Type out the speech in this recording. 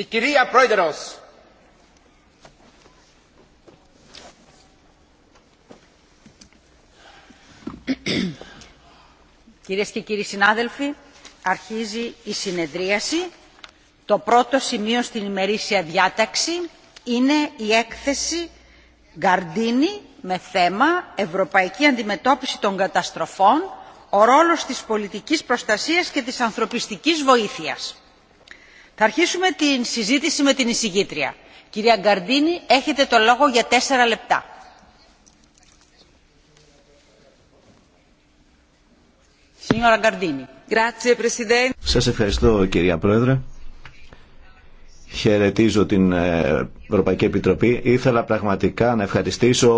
Η κυρία Πρόεδρος. Κυρίες και κύριοι συνάδελφοι, αρχίζει η συνεδρίαση. Το πρώτο σημείο στην ημερήσια διάταξη είναι η έκθεση Γκαρντίνη με θέμα «Ευρωπαϊκή αντιμετώπιση των καταστροφών, ο ρόλος της πολιτικής προστασίας και της ανθρωπιστικής βοήθειας». Θα αρχίσουμε την συζήτηση με την εισηγήτρια. Κυρία Γκαρντίνη, έχετε το λόγο για τέσσερα λεπτά. Σας ευχαριστώ κυρία Πρόεδρε. Χαιρετίζω την ε, Ευρωπαϊκή Επιτροπή. Ήθελα πραγματικά να ευχαριστήσω